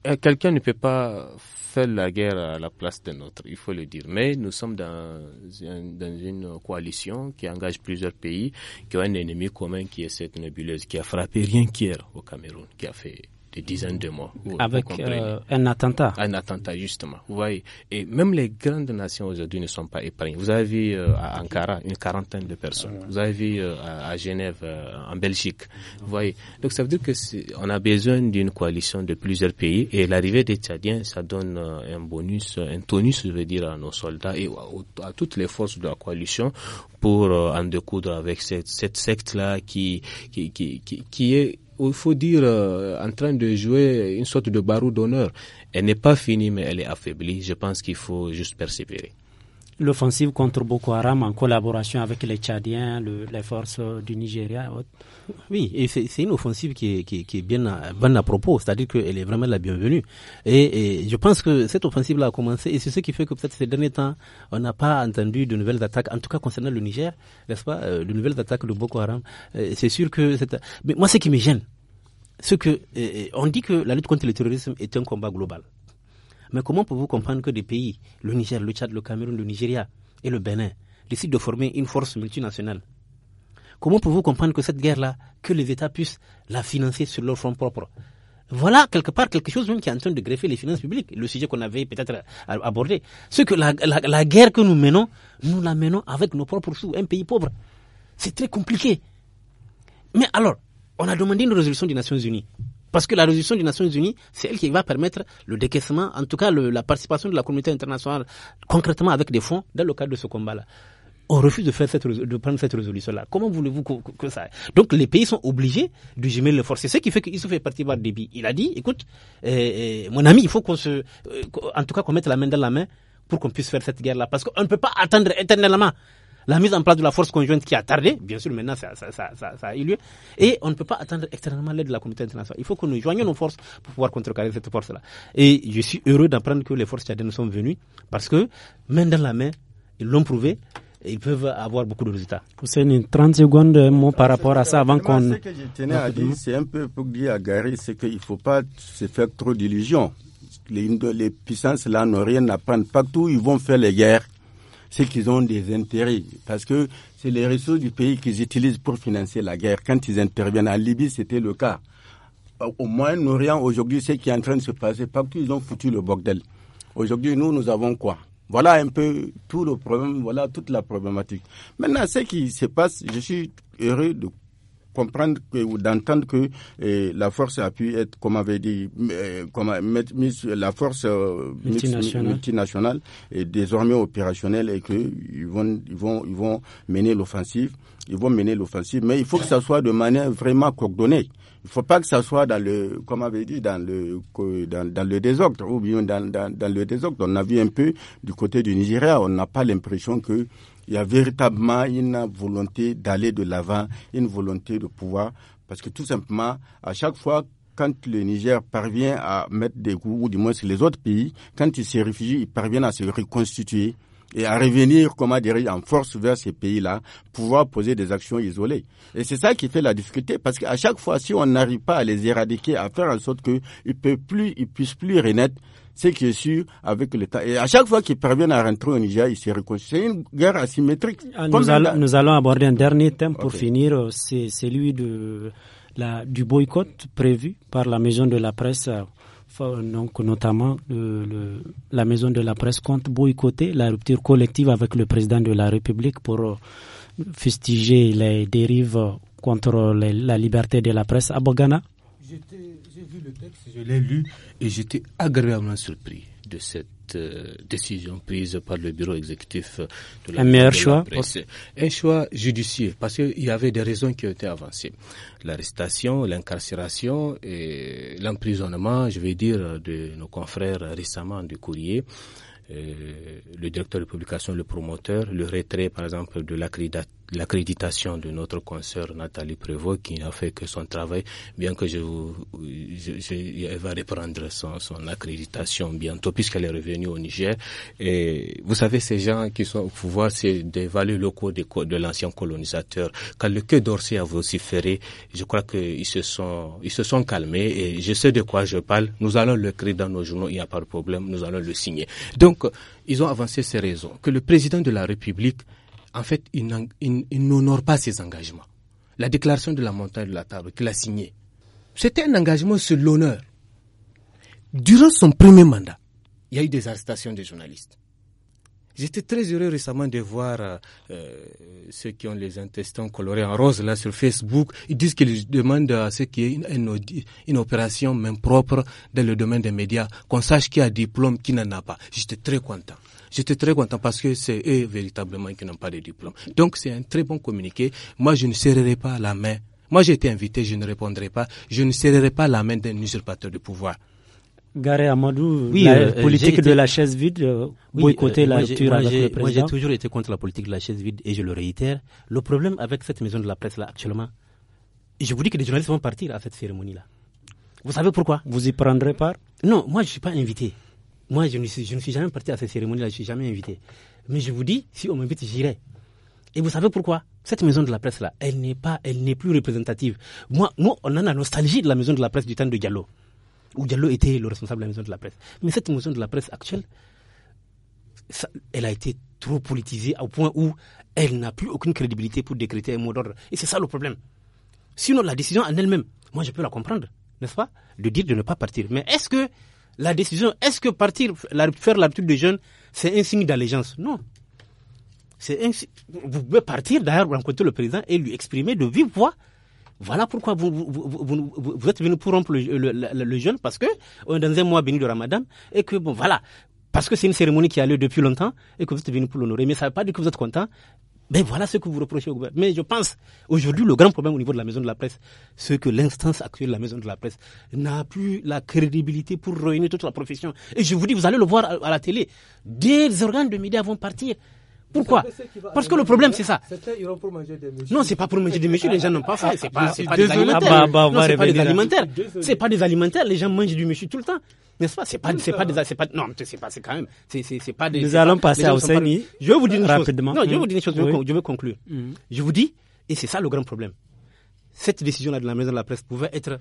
euh, quelqu'un ne peut pas faire la guerre à la place d'un autre, il faut le dire. Mais nous sommes dans, une coalition qui engage plusieurs pays, qui ont un ennemi commun qui est cette nébuleuse qui a frappé rien qu'hier au Cameroun, qui a fait des dizaines de mois Avec euh, un attentat. Un attentat, justement. Vous voyez. Et même les grandes nations aujourd'hui ne sont pas épargnées. Vous avez vu euh, à Ankara une quarantaine de personnes. Ah Vous avez vu euh, à, Genève, en Belgique. Vous voyez. Donc ça veut dire que on a besoin d'une coalition de plusieurs pays et l'arrivée des Tchadiens, ça donne un bonus, un tonus, je veux dire, à nos soldats et à, toutes les forces de la coalition pour en découdre avec cette, cette secte-là qui, qui, qui, qui est il faut dire, euh, en train de jouer une sorte de barreau d'honneur. Elle n'est pas finie, mais elle est affaiblie. Je pense qu'il faut juste persévérer l'offensive contre Boko Haram en collaboration avec les Tchadiens, les forces du Nigeria. Oui, et c'est une offensive qui est, qui, bien, à, à, propos, c'est-à-dire qu'elle est vraiment la bienvenue. Et, je pense que cette offensive-là a commencé, et c'est ce qui fait que peut-être ces derniers temps, on n'a pas entendu de nouvelles attaques, en tout cas concernant le Niger, n'est-ce pas, euh, de nouvelles attaques de Boko Haram. Euh, c'est sûr que... Mais moi, ce qui me gêne, c'est que euh, on dit que la lutte contre le terrorisme est un combat global. Mais comment pouvez-vous comprendre que des pays, le Niger, le Tchad, le Cameroun, le Nigeria et le Bénin, décident de former une force multinationale Comment pouvez-vous comprendre que cette guerre-là, que les États puissent la financer sur leur front propre voilà quelque part quelque chose même qui est en train de greffer les finances publiques, le sujet qu'on avait peut-être abordé. Ce que la, guerre que nous menons, nous la menons avec nos propres sous, un pays pauvre. C'est très compliqué. Mais alors, on a demandé une résolution des Nations Unies. Parce que la résolution des Nations Unies, c'est elle qui va permettre le décaissement, en tout cas la participation de la communauté internationale, concrètement avec des fonds, dans le cadre de ce combat-là on refuse de, faire cette, de prendre cette résolution-là. Comment voulez-vous que, ça Donc les pays sont obligés de jumeler les forces. C'est ce qui fait qu'il se fait partir par débit. Il a dit, écoute, euh, euh, mon ami, il faut qu'on se... Euh, en tout cas qu'on mette la main dans la main pour qu'on puisse faire cette guerre-là. Parce qu'on ne peut pas attendre éternellement la mise en place de la force conjointe qui a tardé, bien sûr maintenant ça, a eu lieu, et on ne peut pas attendre extrêmement l'aide de la communauté internationale. Il faut que nous joignions nos forces pour pouvoir contrecarrer cette force-là. Et je suis heureux d'apprendre que les forces tchadiennes sont venues, parce que main dans la main, ils l'ont prouvé, et ils peuvent avoir beaucoup de résultats. une 30 secondes, mot par rapport à ça avant qu'on. Ce que je tenais à dire, c'est un peu pour dire à Gary, c'est qu'il ne faut pas se faire trop d'illusions. Les, les puissances là n'ont rien à prendre. Partout, ils vont faire les guerres c'est qu'ils ont des intérêts. Parce que c'est les ressources du pays qu'ils utilisent pour financer la guerre. Quand ils interviennent en Libye, c'était le cas. Au Moyen-Orient, aujourd'hui, ce qui est en train de se passer, pas qu'ils ont foutu le bordel. Aujourd'hui, nous, nous avons quoi Voilà un peu tout le problème, voilà toute la problématique. Maintenant, ce qui se passe, je suis heureux de comprendre que, ou d'entendre que eh, la force a pu être, comme avait dit, eh, comme la force euh, multinationale. multinationale. est désormais opérationnelle et qu'ils vont, ils vont, ils vont mener l'offensive. Ils vont mener l'offensive, mais il faut que ça soit de manière vraiment coordonnée. Il faut pas que ça soit dans le, comme avait dit, dans le, dans, le désordre ou bien dans, dans, dans, le désordre. On a vu un peu du côté du Nigeria, on n'a pas l'impression que il y a véritablement une volonté d'aller de l'avant, une volonté de pouvoir, parce que tout simplement, à chaque fois quand le Niger parvient à mettre des coups, ou du moins les autres pays, quand il se réfugient, il parviennent à se reconstituer et à revenir, comment dire, en force vers ces pays-là, pouvoir poser des actions isolées. Et c'est ça qui fait la difficulté, parce qu'à chaque fois, si on n'arrive pas à les éradiquer, à faire en sorte qu'ils ne plus, ils puissent plus renaître, c'est qui est sûr avec l'État. Et à chaque fois qu'ils parviennent à rentrer au Niger, ils se reconstruisent. C'est une guerre asymétrique. Ah, nous, allons, nous, allons, aborder un dernier thème pour finir, c'est celui de la, du boycott prévu par la maison de la presse euh, donc notamment euh, la maison de la presse compte boycotter la rupture collective avec le président de la République pour festiger euh, fustiger les dérives contre la liberté de la presse à Bogana J'ai vu le texte, je l'ai lu et j'étais agréablement surpris de cette euh, décision prise par le bureau exécutif de la Un meilleur choix Un choix judicieux, parce qu'il y avait des raisons qui ont été avancées. L'arrestation, l'incarcération et l'emprisonnement, je vais dire, de nos confrères récemment du courrier. Euh, le directeur de publication, le promoteur, le retrait, par exemple, de l'accréditation l'accréditation de notre consoeur Nathalie Prévost qui n'a fait que son travail, bien que je, je, elle va reprendre son, son accréditation bientôt puisqu'elle est revenue au Niger. Et vous savez, ces gens qui sont au pouvoir, c'est des valeurs locaux de, l'ancien colonisateur. Quand le quai d'Orsay a vociféré, je crois qu'ils se sont, ils se sont calmés et je sais de quoi je parle. Nous allons le créer dans nos journaux, il n'y a pas de problème, nous allons le signer. Donc, ils ont avancé ces raisons. Que le président de la République en fait, il, n'honore pas ses engagements. La déclaration de la montagne de la table qu'il a signée, c'était un engagement sur l'honneur. Durant son premier mandat, il y a eu des arrestations de journalistes. J'étais très heureux récemment de voir euh, ceux qui ont les intestins colorés en rose là sur Facebook. Ils disent qu'ils demandent à ceux qui ont une, opération même propre dans le domaine des médias, qu'on sache qui a diplôme, qui n'en a pas. J'étais très content. J'étais très content parce que c'est eux véritablement qui n'ont pas de diplôme. Donc c'est un très bon communiqué. Moi, je ne serrerai pas la main moi, j'ai été invité, je ne répondrai pas. Je ne serrerai pas la main d'un usurpateur de pouvoir. Garé Amadou, oui, la euh, politique de la chaise vide, euh, oui, boycotter euh, la président. Moi, j'ai toujours été contre la politique de la chaise vide et je le réitère. Le problème avec cette maison de la presse là actuellement, je vous dis que les journalistes vont partir à cette cérémonie là. Vous savez pourquoi Vous y prendrez part Non, moi je suis pas invité. Moi, je ne suis, je ne suis jamais parti à cette cérémonie là, je suis jamais invité. Mais je vous dis, si on m'invite, j'irai. Et vous savez pourquoi Cette maison de la presse là, elle n'est pas, elle n'est plus représentative. Moi, nous, on a la nostalgie de la maison de la presse du temps de Gallo où Diallo était le responsable de la maison de la presse. Mais cette mission de la presse actuelle, elle a été trop politisée au point où elle n'a plus aucune crédibilité pour décréter un mot d'ordre. Et c'est ça le problème. Sinon, la décision en elle-même, moi je peux la comprendre, n'est-ce pas De dire de ne pas partir. Mais est-ce que la décision, est-ce que partir, faire l'habitude des jeunes, c'est un signe d'allégeance Non. C'est Vous pouvez partir d'ailleurs rencontrer le président et lui exprimer de vive voix voilà pourquoi vous, vous, êtes venu pour rompre le, jeûne, parce que euh, dans un mois béni de Ramadan, et que, bon, voilà, parce que c'est une cérémonie qui a lieu depuis longtemps, et que vous êtes venu pour l'honorer. Mais ça ne veut pas dire que vous êtes content. Mais voilà ce que vous reprochez au gouvernement. Mais je pense, aujourd'hui, le grand problème au niveau de la maison de la presse, c'est que l'instance actuelle de la maison de la presse n'a plus la crédibilité pour réunir toute la profession. Et je vous dis, vous allez le voir à, à la télé. Des organes de médias vont partir. Pourquoi Parce que le problème, c'est ça. Non, ce n'est pas pour manger des monsieur, les gens n'ont pas faim. Ce pas, ah, pas des alimentaires. Ce ah, bah, bah, c'est pas des alimentaires. C'est pas des alimentaires. Les gens mangent du monsieur tout le temps. N'est-ce pas C'est pas, c'est pas des, c'est pas, non, c'est pas, c'est quand même, c'est, pas des. Nous allons passer à Ossénie. Je vais vous dire une chose. Non, je vais mm. vous dire une chose. Je vais conclure. Mm. Je vous dis, et c'est ça le grand problème. Cette décision-là de la maison de la presse pouvait être,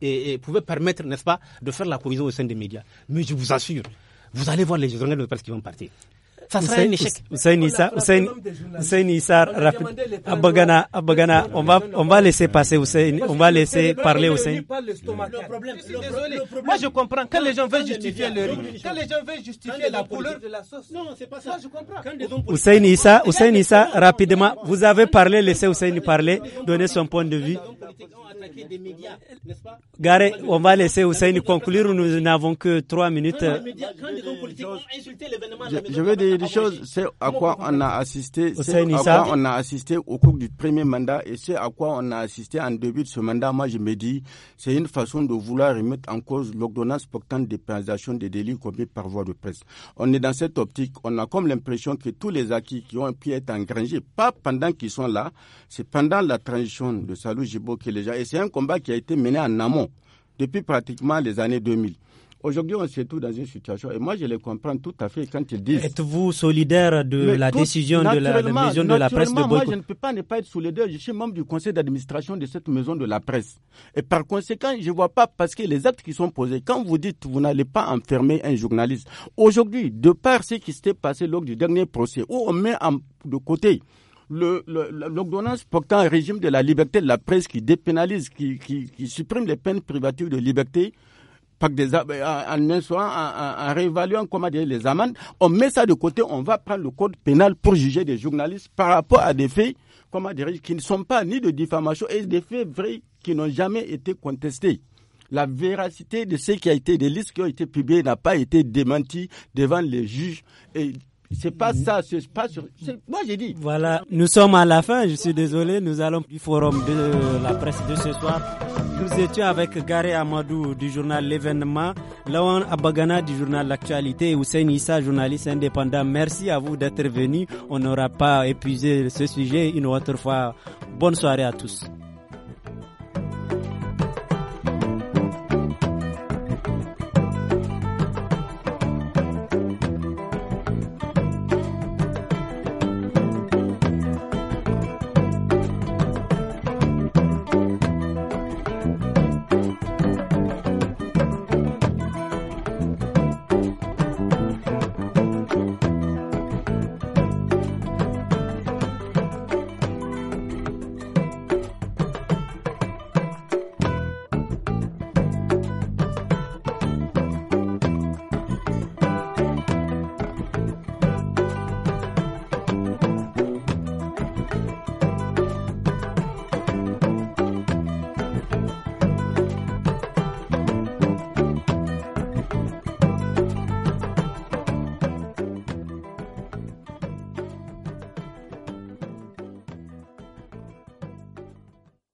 et pouvait permettre, n'est-ce pas, de faire la cohésion au sein des médias. Mais je vous assure, vous allez voir les journalistes de presse qui vont partir ça sera un Issa, Hussein Issa, rapidement, Abagana, Abagana, on va, on va laisser passer on va laisser parler Hussein. Le Moi, je comprends. Quand les gens veulent justifier le riz, quand les gens veulent justifier la couleur de la sauce. Non, c'est pas ça. Moi, je comprends. Hussein Issa, Hussein Issa, rapidement. Vous avez parlé, laissez Hussein parler, donner son point de vue. Garé, on va laisser Hussein conclure. Nous n'avons que trois minutes. Je veux dire, des ah, choses, c'est à quoi on a assisté, à quoi on a assisté au cours du premier mandat et c'est à quoi on a assisté en début de ce mandat. Moi, je me dis, c'est une façon de vouloir remettre en cause l'ordonnance portant des des délits commis par voie de presse. On est dans cette optique. On a comme l'impression que tous les acquis qui ont pu être engrangés, pas pendant qu'ils sont là, c'est pendant la transition de Salou Jibo que les gens, et c'est un combat qui a été mené en amont depuis pratiquement les années 2000. Aujourd'hui, on se trouve dans une situation, et moi je les comprends tout à fait quand ils disent. Êtes-vous solidaire de la décision de la, maison de la presse de Naturellement, Moi, je ne peux pas ne pas être solidaire. Je suis membre du conseil d'administration de cette maison de la presse. Et par conséquent, je ne vois pas, parce que les actes qui sont posés, quand vous dites vous n'allez pas enfermer un journaliste, aujourd'hui, de par ce qui s'était passé lors du dernier procès, où on met de côté l'ordonnance portant un régime de la liberté de la presse qui dépénalise, qui, qui supprime les peines privatives de liberté, des, euh, en, réévaluant comment dire, les amendes, on met ça de côté, on va prendre le code pénal pour juger des journalistes par rapport à des faits, comment dire, qui ne sont pas ni de diffamation et des faits vrais qui n'ont jamais été contestés la véracité de ce qui a été des listes qui ont été publiées n'a pas été démentie devant les juges c'est pas mm. ça, c'est pas sur. Moi j'ai dit. Voilà, nous sommes à la fin, je suis désolé, nous allons du forum de la presse de ce soir. Nous étions avec Garé Amadou du journal L'événement, Lawan Abagana du journal L'actualité et Hussein Issa, journaliste indépendant. Merci à vous d'être venus. On n'aura pas épuisé ce sujet une autre fois. Bonne soirée à tous.